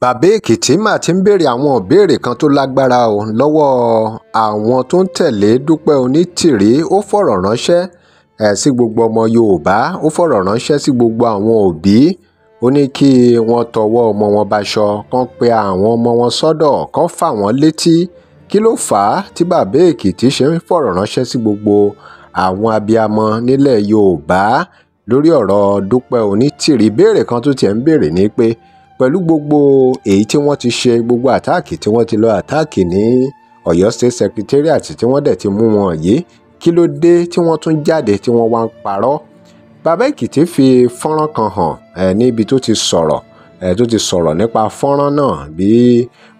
bàbá èkìtì mà ti ń béèrè àwọn ìbéèrè kan tó lágbára o lọ́wọ́ àwọn tó ń tẹ̀lé dúpẹ́ onítìrí ó fọ̀rọ̀ ránṣẹ́ ẹ̀ eh, sí gbogbo ọmọ yorùbá ó fọ̀rọ̀ ránṣẹ́ sí gbogbo àwọn òbí ó ní kí wọ́n tọwọ́ ọmọ wọn baṣọ kán pe àwọn ọmọ wọn sọ́dọ̀ kán fà wọ́n létí kí ló fà á tí bàbá èkìtì ṣe ń fọ̀rọ̀ ránṣẹ́ sí gbogbo àwọn abiyamọ nílẹ̀ yorùbá lórí ọ̀rọ̀ dúpẹ́ onítìrí béèrè kan tó tiẹ̀ ń béèrè ní pé pẹ̀lú gbogbo èyí tí wọ́n ti ṣe gbogbo àtáàkì tí wọ́n ti lọ àtáàkì ní Ọ̀yọ́ State Secretariat tí wọ́n dẹ̀ ti mú wọn yìí kí ló dé tí wọ́n tún jáde tí wọ́n wá ń parọ́ bàbá Èkìtì fi fọ́nrán kan hàn ẹ̀ níbi tó ti sọ̀rọ̀ ẹ̀ tó ti sọ̀rọ̀ nípa fọ́nrán náà bí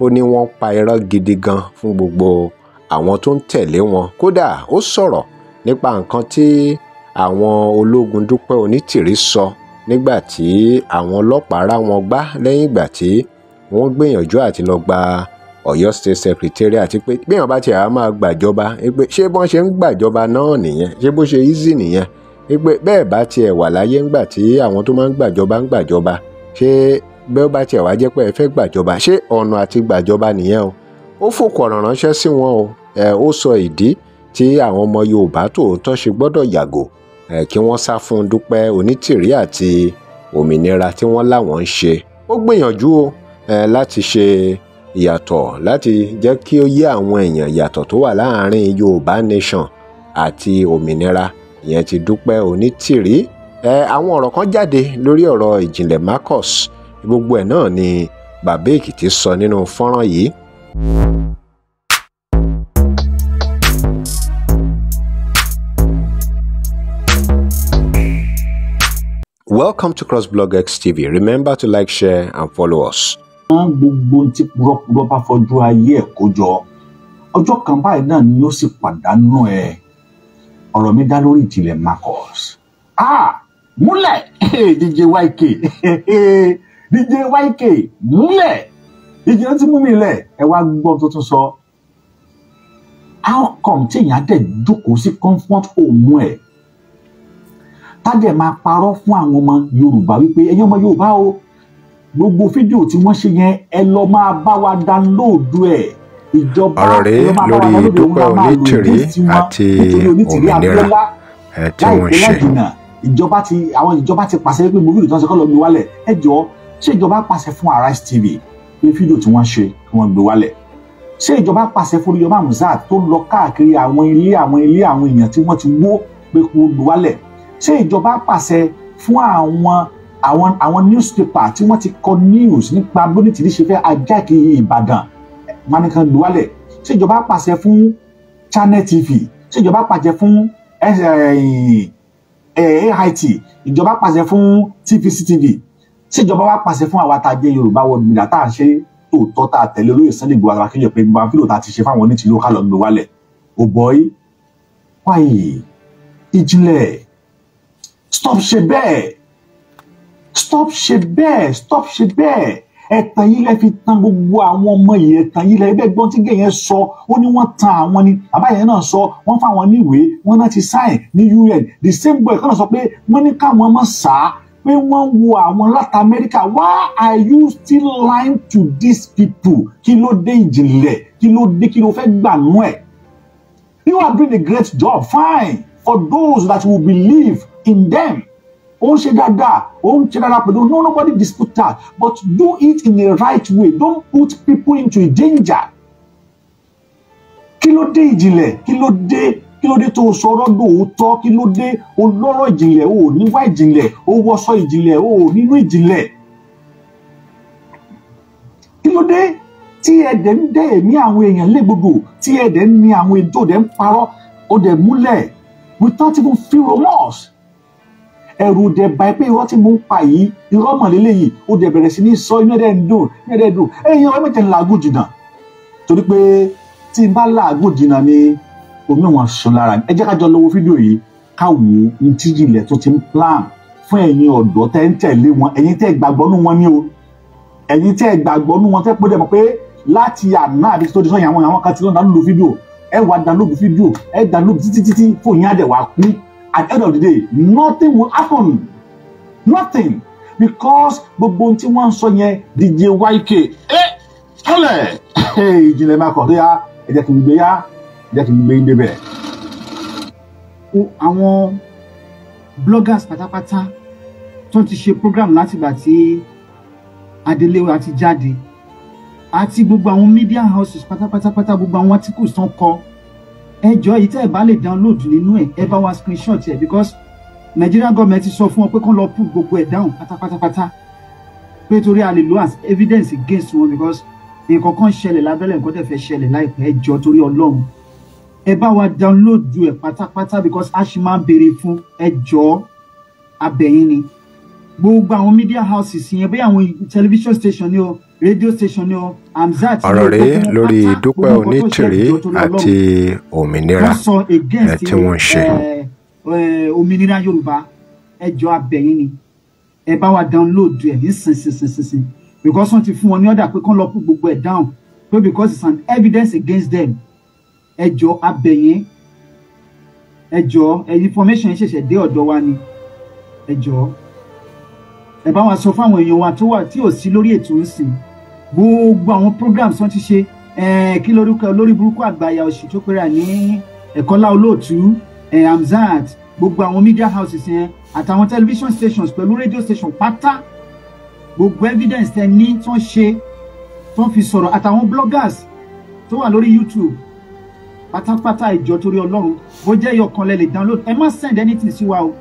ó ní wọ́n pa irọ́ gidi gan fún gbogbo àwọn tó ń tẹ̀lé wọn kódà ó sọ̀rọ̀ nípa nǹkan tí àwọn ológun Dúpẹ́ Onítìrí sọ nígbà tí àwọn ọlọ́pàá rá wọn gbá lẹ́yìn ìgbà tí wọ́n gbìyànjú àti lọ gba Ọ̀yọ́ state secretary àti pé bí wọ́n bá ti àá máa gbàjọba pé ṣé bọ́n ṣe ń gbàjọba náà nìyẹn ṣé bó ṣe easy nìyẹn pé bẹ́ẹ̀ bá tiẹ̀ wà láyé ńgbà tí àwọn tó máa ń gbàjọba ń gbàjọba ṣé bẹ́ẹ̀ bá tiẹ̀ wá jẹ́ pé ẹ fẹ́ gbàjọba ṣé ọ̀nà àti gbàjọba nìyẹn o ó fòkọ̀rọ̀ ránṣẹ́ sí wọn o ó sọ ìdí tí àwọn ọmọ Yorùbá tòótọ́ ṣe gbọ́dọ̀ yàgò kí wọ́n sá fún Dúpẹ́ Onítìrí àti òmìnira tí wọ́n láwọn ń ṣe ó gbìyànjú o láti ṣe ìyàtọ̀ láti jẹ́ kí ó yé àwọn èèyàn ìyàtọ̀ tó wà láàárín Yorùbá Nation àti òmìnira ìyẹn ti Dúpẹ́ Onítìrí àwọn ọ̀rọ̀ kan jáde lórí ọ̀rọ̀ ìjìnlẹ̀ Marcus gbogbo ẹ̀ náà ni bàbá Èkìtì sọ nínú fọ́nrán yìí. Welcome to crossblog TV. Remember to like, share and follow us. gbogbo ti purọ́purọ́ bá fọjú ayé ẹ̀ kó ọjọ́ kan báyìí náà ni ó sì pàdánù ẹ̀ ọ̀rọ̀ mi dá lórí ìjìnlẹ̀ Marcus ah múlẹ̀ DJ YK DJ YK múlẹ̀ ìjìnlẹ̀ ti mú mi lẹ̀ ẹ wá gbọ́ tó tún sọ how come téèyàn á dẹ̀ jókòó sí comfort home ẹ̀ ká dẹ̀ máa parọ́ fún àwọn ọmọ Yorùbá wípé ẹ̀yin ọmọ Yorùbá o gbogbo fídíò tí wọ́n ṣe yẹn ẹ lọ máa bá wa dánlóòdù ẹ̀ ìjọba ọ̀rọ̀ rẹ̀ lórí Dúpẹ́ Onítìrí àti òmìnira tí wọ́n ṣe ìjọba ti àwọn ìjọba ti pàṣẹ pé mo fídíò tí wọ́n ṣe kọ́ lọ gbé wálẹ̀ ẹ jọ̀ọ́ ṣé ìjọba pàṣẹ fún Arise TV pé fídíò tí wọ́n ṣe kí wọ́n gbé wálẹ̀ ṣé ìjọba pàṣẹ fún Yorùbá Hamzat tó lọ káàkiri àwọn ilé àwọn ilé àwọn èèyàn tí wọ́n ti wó pé kó gbé wálẹ̀ ṣé ìjọba pàṣẹ fún àwọn àwọn àwọn newspaper tí wọ́n ti kọ news nípa bónítìrí ṣe fẹ́ ajáàkì Ìbàdàn manikan luwalẹ̀ ṣé ìjọba pàṣẹ fún Channel TV ṣé ìjọba pàṣẹ fún eh, eh, AIT ìjọba pàṣẹ fún TVC TV ṣé ìjọba wa pàṣẹ fún àwa tá a jẹ Yorùbá world media tá a ṣe tòótọ́ tá a tẹ̀lé olóyè Sunday Igboho àtàwọn akéjọ pé gbogbo àfihàn tá a ti ṣe fáwọn onítìlú ká lọ gbé wálẹ̀ ò bọ́ yìí wáyé ìjìnlẹ̀ stop ṣe bẹ́ẹ̀ stop ṣe bẹ́ẹ̀ stop ṣe bẹ́ẹ̀ ẹ̀tàn yìí lẹ fi tan gbogbo àwọn ọmọ yìí ẹ̀tàn yìí lẹ ẹgbẹ́ gbọ́n tí gẹ̀yẹn sọ ó ní wọ́n tan àwọn ni àbáyẹn náà sọ wọ́n fáwọn níwèé wọ́n náà ti sáìn ní UN the same boy kan náà sọ pé wọ́n ní káwọn ọmọ sá pé wọ́n wo àwọn láti Amẹ́ríkà why are you still lying to these people kí ló dé ìjìnlẹ̀ kí ló dé kí ló fẹ́ gbà ẹ̀ you are doing a great job fine for those that will believe in them ó ń ṣe dáadáa ó ń no nobody dispute that but do it in the right way don't put people into a danger kí ló dé ìjìnlẹ̀ kí ló dé kí ló dé tó sọ̀rọ̀ lóòótọ́ kí ló dé olọ́rọ̀ ìjìnlẹ̀ o ò níwá ìjìnlẹ̀ o wọṣọ ìjìnlẹ̀ o ò nínú ìjìnlẹ̀ kí ló dé tí ẹ̀dẹ̀ ń dẹ́ ẹ̀mí àwọn èèyàn légbodò tí ẹ̀dẹ̀ ń ní àwọn ètò ẹ̀dẹ̀ ń parọ́ ó dẹ̀ without even feel remorse ẹ̀rù dẹ̀ bá ẹ pé irọ́ tí mo ń pa yìí irọ́ mọ̀lélẹ̀ yìí ó dẹ̀ bẹ̀rẹ̀ sí ní sọ inú ẹ̀dẹ̀ ń dùn inú ẹ̀dẹ̀ ń dùn ẹ̀yin ọ̀rẹ́ mẹ́tẹ̀ ń làágùn jìnnà torí pé tí n bá làágùn jìnnà ni omi wọn sùn lára ẹ jẹ́ ká jọ lọ́wọ́ fídíò yìí ká wò ó ní tí ilẹ̀ tó ti ń plan fún ẹ̀yin ọ̀dọ́ tẹ́ ń tẹ̀lé wọn ẹ̀yin tẹ́ gbàgbọ́ nú wọn ní o ẹ̀yin tẹ́ gbàgbọ́ nú wọn tẹ́ pé dẹ̀ mọ̀ pé láti àná àbí tó di sọ́yìn àwọn àwọn kan ti lọ́ọ́ dánlóòdù fídíò ẹ wàá dánlóòdù fídíò ẹ dánlóòdù títí títí fóònù yín dẹ̀ wàá kú at the end of the day nothing will happen nothing because gbogbo tí wọ́n ń sọ yẹn DJ YK ẹ tẹ́lẹ̀ ìjìnlẹ̀ máa kọ̀ tó yá ẹ jẹ́ kí n gbé yá ẹ jẹ́ kí n gbé yín débẹ̀. àwọn bloggers pátápátá tó ti ṣe program látìgbà tí Adelewa ati jáde àti gbogbo àwọn media houses pátápátá gbogbo àwọn articles tó ń kọ ẹ jọ èyí tẹ́ ẹ bá lè download nínú ẹ̀ ẹ bá wa screenshot ẹ̀ because Nigerian government ti sọ fún wọn pé kán lọ put gbogbo ẹ̀ down pátápátápátá pé torí a lè lo as evidence against wọn because nǹkan kan ṣẹlẹ̀ lábẹ́lẹ̀ nǹkan tẹ̀ fẹ́ ṣẹlẹ̀ láìpẹ́ ẹ jọ torí ọlọ́run ẹ bá wa download ju ẹ̀ pátápátá because a ṣì máa ń béèrè fún ẹ abẹ́yìn ni gbogbo àwọn media houses yẹn bóyá àwọn television stations. ni o ọ̀rọ̀ rèé lórí dúpẹ́ onítìrí àti òmìnira tí wọ́n ń ṣe. òmìnira yorùbá ẹjọ́ abẹ́yìn ni ẹ bá wa download ẹ̀ nísinsinsinsin because wọ́n ti fún wọn ní ọ̀dà pé kán lọ put gbogbo ẹ̀ down pé because it's an evidence against them ẹjọ́ abẹ́yìn ẹjọ́ information ṣẹ̀ṣẹ̀ dé ọ̀dọ̀ wa ni ẹjọ́ ẹ bá wa sọ fáwọn èèyàn wa tó wà tí ò sí lórí ètò ìsìn gbogbo àwọn programs wọn ti ṣe kí lórúkọ olórí burúkú àgbáyà oṣù tó pera ní ẹ̀kọ́lá olóòtú Hamzat gbogbo àwọn media houses yẹn àtàwọn television stations pẹ̀lú radio station pátá gbogbo evidence tẹ ní tó ń ṣe tó ń fi sọ̀rọ̀ àtàwọn bloggers tó wà lórí YouTube pátápátá ìjọ torí ọlọ́run bó jẹ́ ìyọkan lè download ẹ má send anything sí wa o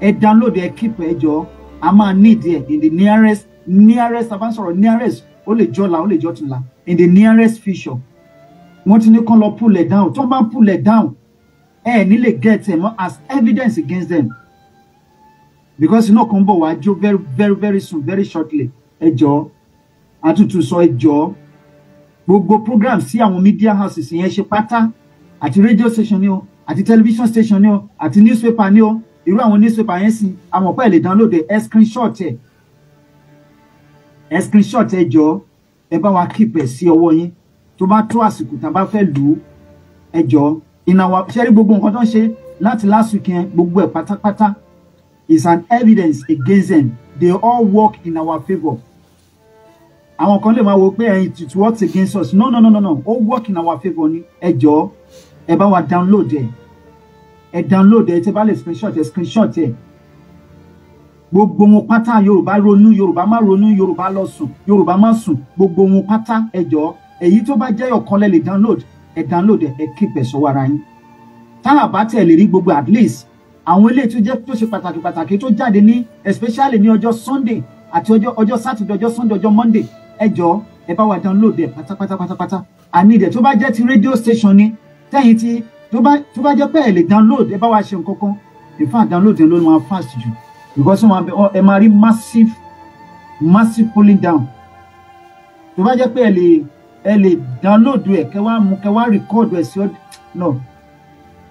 ẹ download ẹ keep ẹ jọ̀ọ́ a máa nídìí ẹ̀ in the nearest nearest abansọ̀rọ̀ nearest ó lè jọ́ la ó lè jọ́ in the nearest future wọ́n ti ní kán lọ pull it down tí wọ́n bá pull it down ẹ̀ ní lè get them as evidence against them because iná kan bọ̀ wá jó very very very soon very shortly ẹ jọ̀ọ́ àtútù sọ ẹ jọ̀ọ́ gbogbo program sí àwọn media houses yẹn ṣe pátá àti radio station ni o àti television station ni o àti newspaper ni o irú àwọn newspaper yẹn sì àmọ̀ pẹ́ lè download ẹ̀ ẹ̀ screenshot ẹ̀ ẹ̀ screenshot ẹ̀ jọ ẹ bá wa keep ẹ̀ sí ọwọ́ yín tó bá tó àsìkò tá a bá fẹ́ lò ó ẹ jọ ìnáwó ṣẹ́rí gbogbo nǹkan tó ń ṣe láti last weekend gbogbo ẹ̀ pátápátá is an evidence against them they all work in our favour àwọn kan lè máa wo pé ẹyin it works against us no no no no no ó work in our favour ni ẹ jọ ẹ bá wa download ẹ̀ ẹ download ẹ tẹ bá lè screenshot ẹ screenshot ẹ gbogbo wọn pátá yorùbá ronú yorùbá má ronú yorùbá lọ sùn yorùbá má sùn gbogbo wọn pátá ẹ jọ̀ọ́ èyí tó bá jẹ́ ọ̀kan lẹ lè download ẹ download ẹ keep ẹ sọ́wọ́ ara yín tá a lè rí gbogbo at least àwọn ilé tó jẹ́ tó ṣe pàtàkì pàtàkì tó jáde ní especially ní ọjọ́ sunday àti ọjọ́ ọjọ́ saturday ọjọ́ sunday ọjọ́ monday ẹ jọ̀ọ́ ẹ bá wa download ẹ pátápátá pátápátá àní ìdẹ tó bá jẹ́ ti radio station ni tẹ̀yìn ti tó bá tó bá jẹ́ pé ẹ lè download ẹ bá wa ṣe nǹkan kan in fact download yẹn ló máa fast jù because wọn ẹ máa rí massive massive pulling down tó bá jẹ́ pé ẹ lè ẹ lè download ẹ kẹ wá mú kẹ wá record ẹ sí no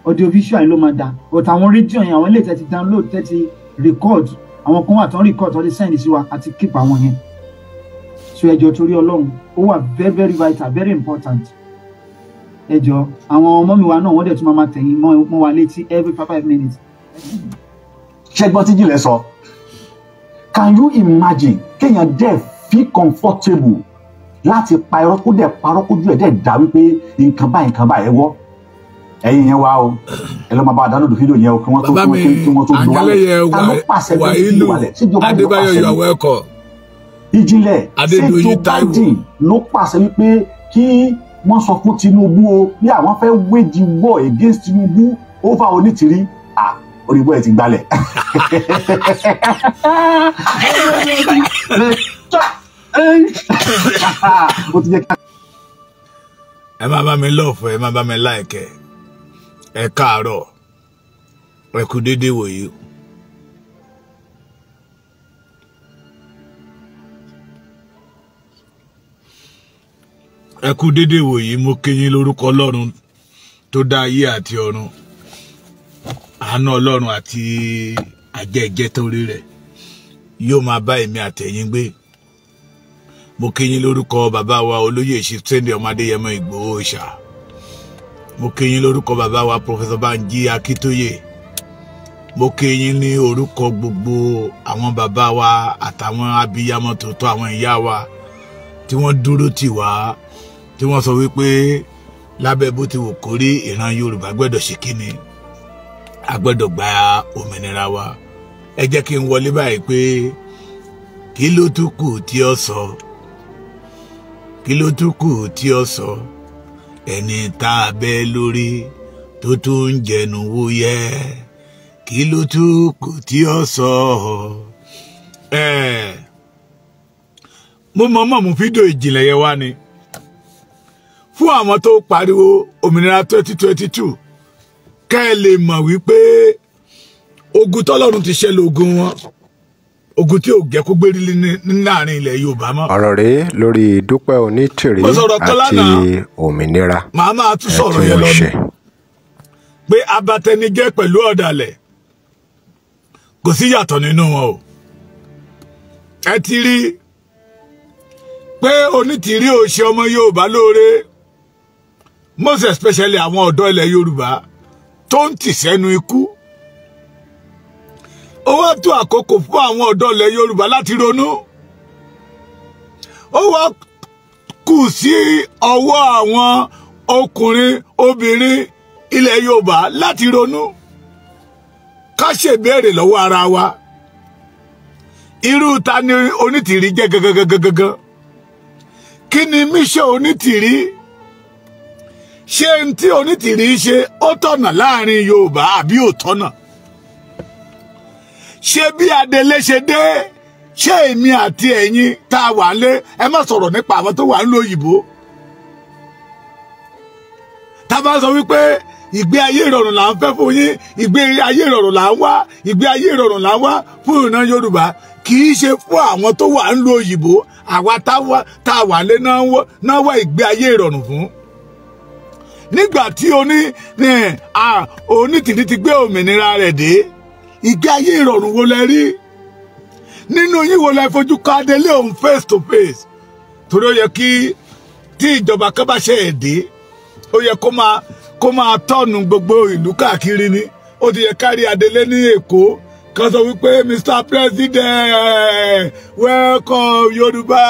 audio visual ló máa da but àwọn rédíò yẹn àwọn ilé tẹ download tẹ record àwọn kan wà tán record tán ti send sí wa àti keep àwọn yẹn so ẹjọ torí Ọlọ́run ó wà very very vital very important ẹ jọ àwọn ọmọ mi wa náà wọ́n dẹ̀ tún máa tẹ̀yìn mọ́ wa létí every five minutes. ṣẹ́gbọ́n tí jìnlẹ̀ sọ can you imagine kéèyàn dẹ̀ fi comfortable láti pa irọ́ kó dẹ̀ parọ́ kójú ẹ̀ dẹ̀ dá wípé nǹkan báyìí nǹkan báyìí ẹ wọ́ ẹ̀yin yẹn wá o ẹ lọ máa bá a dánú dùn fídíò yẹn o kí wọ́n tó kí wọ́n tó lu wálẹ̀ ta ló pàṣẹ pé kí wọ́n wálẹ̀ síjọba ló pàṣẹ ìjìnlẹ̀ ṣètò biden ló pàṣẹ wípé kí wọ́n sọ fún Tinubu o bí àwọn fẹ́ wéjì war against Tinubu over Onítìrí à orígbó ẹ̀ ti gbalẹ̀. ẹ máa bá mi lọ́ọ̀fọ̀ ẹ máa bá mi láìkẹ́ ẹ káàárọ̀ ẹ kú déédéé wòye. ẹ kú dédé wòyí mo kéyìn lórúkọ ọlọ́run tó dá ayé àti ọ̀run àánú ọlọ́run àti àjẹjẹ torí rẹ̀ yóò máa bá èmi àtẹ̀yìn gbé mo kéyìn lórúkọ bàbá wa olóyè ṣiṣẹ́ndì ọmọdé yẹmọ Ìgbòho ṣá mo kéyìn lórúkọ bàbá wa pọfẹsọ Bánjí akitoye mo kéyìn ní orúkọ gbogbo àwọn bàbá wa àtàwọn abiyamọ tòótọ́ àwọn ìyá wa tí wọ́n dúró tì wá tí wọ́n sọ wípé lábẹ́ bó ti wù kó rí ìran Yorùbá gbọ́dọ̀ ṣe kíni a gbọ́dọ̀ gba òmìnira wa ẹ jẹ́ kí n wọlé báyìí pé kí ló tún kù tí ó sọ kí ló tún kù tí ó sọ ẹni tá a bẹ́ lórí tó tún ń jẹnu wúyẹ́ kí ló tún kù tí ó sọ ẹ mo mọ̀ mọ̀ mú fídíò ìjìnlẹ̀ yẹn wá ni. Eh, fún àwọn tó pariwo òmìnira 2022 kẹ́ ẹ lè mọ̀ wípé ogun tọ́lọ́run ti ṣẹ́ lógun wọn ogun tí ò jẹ́ kó gbérí láàrin ilẹ̀ yorùbá mọ́. ọ̀rọ̀ rèé lórí dúpẹ́ onítìrí àti òmìnira màá máa pé abatẹnijẹ́ pẹ̀lú ọ̀dàlẹ̀ kò sí yàtọ̀ nínú wọn o ẹ ti rí pé onítìrí ò ṣe ọmọ yorùbá lóore most especially àwọn ọ̀dọ́ ilẹ̀ Yorùbá tó ń tì sẹ́nu ikú ó wá tó àkókò fún àwọn ọ̀dọ́ ilẹ̀ Yorùbá láti ronú ó wá kù sí ọwọ́ àwọn ọkùnrin obìnrin ilẹ̀ Yorùbá láti ronú ká ṣèbéèrè lọ́wọ́ ara wa irú ta ni onítìrí jẹ́ gangan gangan kí ni míṣẹ́ onítìrí ṣé n tí onítìrí ṣe ó tọ̀nà láàrin yorùbá àbí ò tọ̀nà ṣé bí adelé ṣe dé ṣé èmi àti ẹ̀yin tá a wà lé ẹ má sọ̀rọ̀ nípa àwọn tó wà ń lo òyìnbó tá a bá sọ wípé ìgbé ayé ìrọ̀rùn là ń fẹ́ fún yín ìgbé ayé ìrọ̀rùn là ń wá ìgbé ayé ìrọ̀rùn là ń wá fún ìran yorùbá kì í ṣe fún àwọn tó wà ń lo òyìnbó àwa tá a wà lé náà wá ìgbé ayé ìrọ̀rùn fún nígbà tí oní ní onítìrí ti gbé òmìnira rẹ̀ dé ìgbé ayé ìrọ̀rùn wo lẹ rí nínú yín wo lẹ fojú ká délé òun face to face torí ó yẹ kí tí ìjọba kan bá ṣe èdè ó yẹ kó máa kó máa tọ́ọ̀nù gbogbo ìlú káàkiri ni ó ti yẹ kárí adelé ní èkó kan sọ wípé Mr. President welcome Yorùbá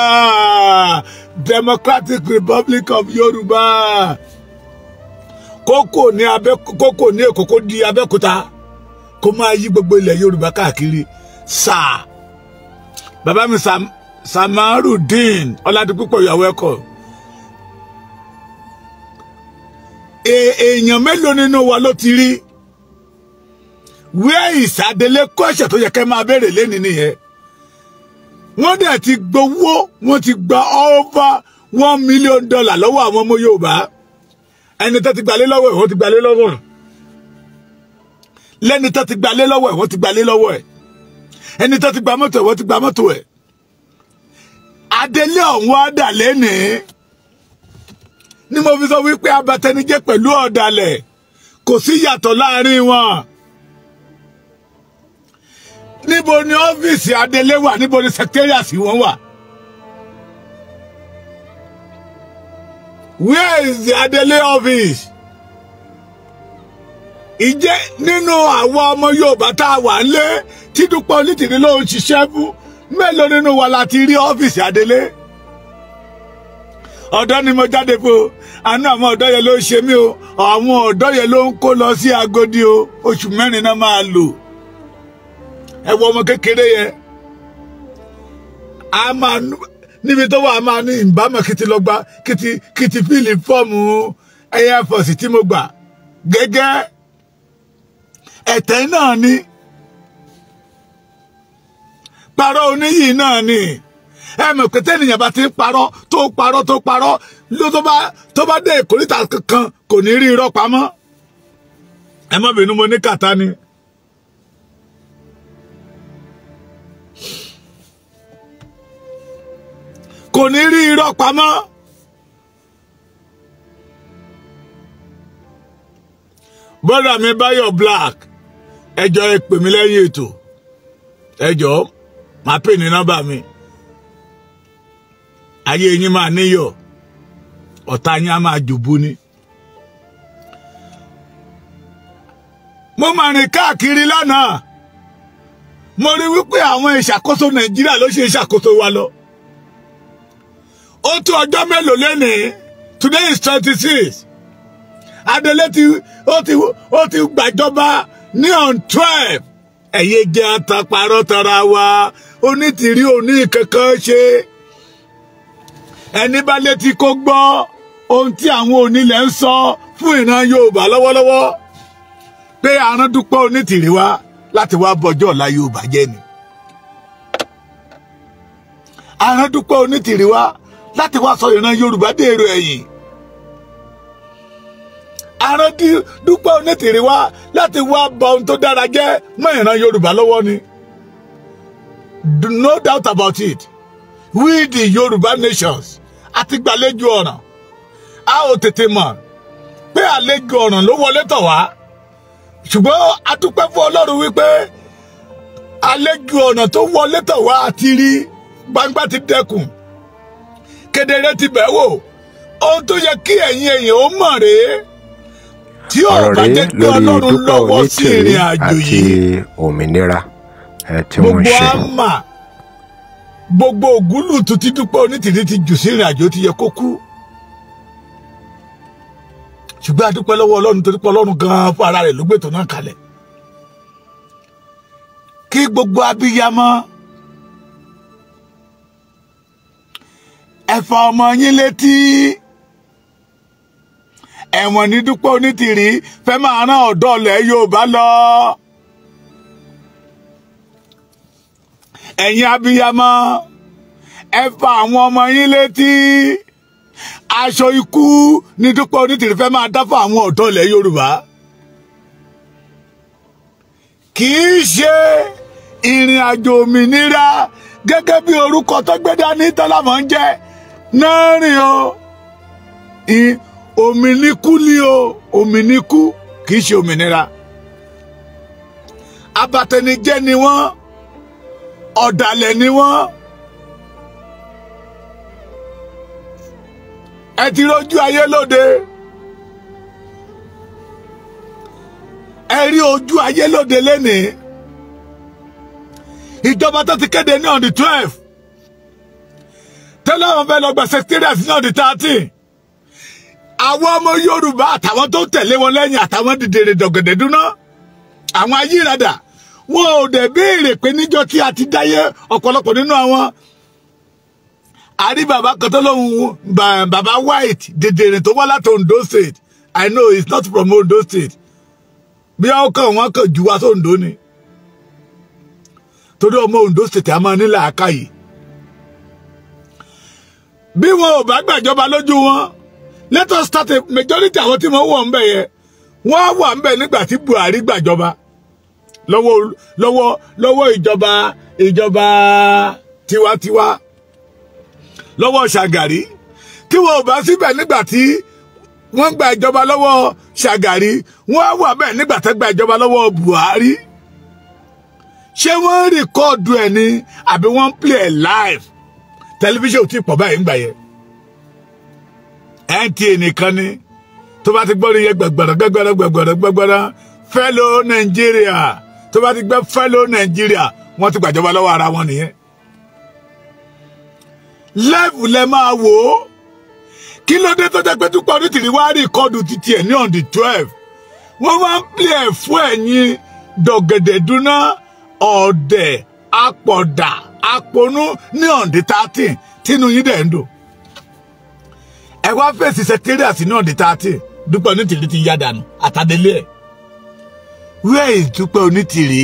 Democratic Republic of Yorùbá kókò ní abẹ́ kókò ní èkó di abẹ́kúta kó máa yí gbogbo ilẹ̀ yorùbá káàkiri sáà bàbá mi samarudeen ọládùpúpọ̀ you are welcome. E, èèyàn mélòó nínú wa ló ti rí wíwẹ́ ìsàdélé kọ́ṣẹ̀ tó yẹ kẹ́ máa béèrè lẹ́ni nìyẹn wọ́n dẹ̀ ti gbowó wọ́n ti gba over one million dollar lọ́wọ́ àwọn ọmọ yorùbá ẹni tó ti gbalé lọ́wọ́ ẹ̀ wọ́n ti gbalé lọ́wọ́ ẹ̀ lẹ́ni tó ti gbalé lọ́wọ́ ẹ̀ wọ́n ti gbalé lọ́wọ́ ẹ̀ ẹni tó ti gba mọ́tò ẹ̀ wọ́n ti gba mọ́tò ẹ̀ adélé ọ̀hún ọ̀dàlẹ̀ ni ni mo fi sọ wípé abatẹnijẹ́ pẹ̀lú ọ̀dàlẹ̀ kò sí yàtọ̀ láàrin wọn níbo ni ọ́fíìsì adélé wà níbo ni sẹkítẹ́rì àsìwọ̀n wà. where is the Adele office? Ìjẹ́ nínú àwọn ọmọ Yorùbá tá a wà nílé tí Dúpẹ́ Onítìrí ló ń ṣiṣẹ́ fún mélòó nínú wa la ti rí ọ́fíìsì Adele? Ọ̀dọ́ ni mo jáde pé o, àánú àwọn ọ̀dọ́ yẹn ló ń ṣe mí o, àwọn ọ̀dọ́ yẹn ló ń kó lọ sí Agodi o, oṣù mẹ́rin náà máa lò. Ẹ wo ọmọ kékeré yẹn, a máa níbi tó wà máa ní ìbámu kìtì lọ́gbà kìtì kìtì fíìlì fọ́ọ̀mù air force tí mo gbà gẹ́gẹ́ ẹ̀tẹ́ náà ni parọ́ oníyì náà ni ẹ mọ̀ pé tẹ́nìyàn bá ti ń parọ́ tó parọ́ tó parọ́ ló tó bá tó bá dé ìkórìtà kankan kò ní rí irọ́ pamọ́ ẹ má bínú mo ní kàtá ni. kò ní rí irọ́ pamọ́. bọ́dà mi Báyọ̀ Black ẹjọ́ ẹ pè mí lẹ́yìn ètò ẹjọ́ máa pè ní nọ́mbà mi ayé yín máa níyọ̀ ọ̀tá yín á máa jòbó ni. mo máa rìn káàkiri lánàá mo rí wípé àwọn ìṣàkóso Nàìjíríà ló ṣe ìṣàkóso wa lọ ó tó ọjọ́ mélòó lénìí today is twenty six adelé ti ó ti ó ti gbàjọba ní on twelve ẹ̀yẹ jẹ́ ataparọ́ tara wa onítìrí òní kankan ṣe ẹni bá létí kó gbọ́ ohun tí àwọn onílẹ̀ ń sọ fún ìran Yorùbá lọ́wọ́lọ́wọ́ pé àrùn dúpọ́ onítìrí wa láti wá bọjọ́ ọ̀la Yorùbá jẹ́ ni àrùn dúpọ́ onítìrí wa láti wá sọ ìran Yorùbá dèrò ẹ̀yìn àrùn Dúpẹ́ Onítìrí wá láti wá bà ohun tó dára jẹ́ mọ́ ìran Yorùbá lọ́wọ́ ni no doubt about it we the Yorùbá nations àti gbàlejò ọ̀ràn a ò tètè mọ̀ pé àlejò ọ̀ràn ló wọlé tọ̀ wá ṣùgbọ́n a dúpẹ́ fún Ọlọ́run wípé àlejò ọ̀nà tó wọlé tọ̀ wá àti rí gbangba ti dẹkùn kedere ti bẹ̀ wò ohun tó yẹ kí ẹ̀yin èèyàn ó mọ̀ rèé tí ọ̀rọ̀ bá jẹ́ pé ọlọ́run lọ́wọ́ sí ìrìn àjò yìí òmìnira tí wọ́n ṣe. gbogbo àmà gbogbo ògúlù tó ti dúpẹ́ onítìrí ti jù sí ìrìn àjò ti yẹ kó kú ṣùgbọ́n a dúpẹ́ lọ́wọ́ ọlọ́run torí pé ọlọ́run gan-an fún ara rẹ̀ ló gbé ètò náà kalẹ̀ kí gbogbo abiyamọ. ẹ fa ọmọ yín létí ẹ̀wọ̀n ní Dúpẹ́ Onítìrí fẹ́ máa rán ọ̀dọ́ ilẹ̀ Yorùbá lọ. ẹ̀yin abiyamọ ẹ fa àwọn ọmọ yín létí aṣọ ikú ní Dúpẹ́ Onítìrí fẹ́ máa dá fún àwọn ọ̀dọ́ ilẹ̀ Yorùbá. kì í ṣe ìrìn àjò òmìnira gẹ́gẹ́ bí orúkọ tó gbé dání tọ́lámọ́ ń jẹ́ náà rìn o òmìnikú ni o òmìnikú kì í ṣe òmìnira abatẹnijẹ́ ni wọ́n ọ̀dàlẹ̀ ni wọ́n ẹ ti rójú ayé lóde ẹ rí ojú ayé lóde lénìí ìjọba tó ti kéde ní on twelve tẹ́lẹ̀ àwọn fẹ́ lọ gba secretariat náà di thirteen àwọn ọmọ Yorùbá àtàwọn tó tẹ̀lé wọn lẹ́yìn àtàwọn dìdèrè dọ̀gẹ̀dẹ̀ dúná àwọn ayírada wọn ò dẹ̀ béèrè pé níjọ́ tí a ti dáyé ọ̀pọ̀lọpọ̀ nínú àwọn àrí bàbá kan tó lóhun bàbá white dèdèrè tó wá láti Ondo state I know it's not from Ondo state bí wọn kàn wọn kàn jù wá sí Ondo ni torí ọmọ Ondo state a máa nílà àkàyè bí wọn ò bá gbàjọba lójú wọn let us start a majority àwọn tí wọn wọ ń bẹ yẹn wọn á wà ń bẹ nígbà tí Buhari gbàjọba lọ́wọ́ lọ́wọ́ lọ́wọ́ ìjọba ìjọba tiwantiwa lọ́wọ́ Ṣàgàrí tí wọn ò bá síbẹ̀ nígbà tí wọ́n gba ìjọba lọ́wọ́ Ṣàgàrí wọ́n á wà bẹ́ẹ̀ nígbà tó gba ìjọba lọ́wọ́ Buhari ṣé wọ́n ń rìkọ́ọ̀dù ẹ̀ ni àbí wọ́n ń play ẹ̀ live tẹlifíṣàn ò tí pọ̀ báyìí ńgbà yẹn NTA nìkan ni tó bá ti gbọ́dọ̀ yẹ gbẹ̀gbẹ̀rẹ̀ gbẹ̀gbẹ̀rẹ̀ gbẹ̀gbẹ̀rẹ̀ gbẹ̀gbẹ̀rẹ̀ fẹ́lò Nàìjíríà tó bá ti gbẹ́ fẹ́lò Nàìjíríà wọ́n ti gbàjọba lọ́wọ́ ara wọn nìyẹn lẹ́ẹ̀fù lẹ máa wò ó kí ló dé tó jẹ́ pé túpọ̀ ní tìrí wáá rí ìkọdù títí ẹ̀ ní on the twelve wọ́n máa ń pè ẹ̀ fún ẹ̀yìn dọ̀gẹ̀dẹ̀ dúná ọ̀dẹ̀ apọ̀dà àpònú ní ọ̀ǹdí thirteen tínú yín dẹ̀ ń dò ẹ wá fèsì secretariat ní ọ̀ǹdí thirteen dúpẹ́ onítìrí ti yá dànù àtàdélé ẹ̀ where is dúpẹ́ onítìrí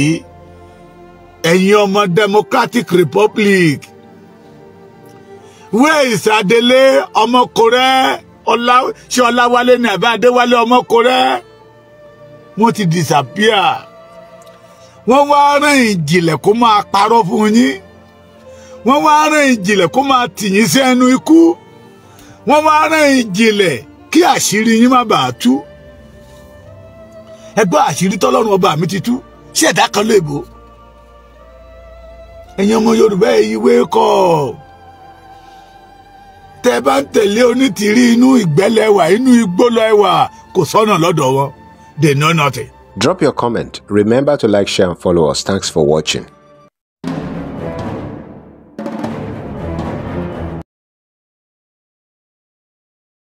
ẹ̀yin ọmọ democratic republic where is adélé ọmọkùnrin ọlá ṣé ọláwálé ní àbá adéwálé ọmọkùnrin wọ́n ti disappear wọ́n wá rìn ìjìnlẹ̀ kó máa parọ́ fún yín wọ́n wá rán ìjìnlẹ̀ kó máa tì sí ẹnu ikú wọ́n wá rán ìjìnlẹ̀ kí àṣírí yín má bàa tú ẹgbẹ́ àṣírí tọ́lọ́run ọba mi ti tú sí ẹ̀dá kan léèbó ẹ̀yin ọmọ Yorùbá èyí wake up tẹ́ bá ń tẹ̀lé onítìrí inú ìgbẹ́lẹ̀ ẹwà inú igbó lọ ẹwà kò sọ́nà lọ́dọ̀ wọn they know nothing. Drop your comment. Remember to like, share, and follow us. Thanks for watching.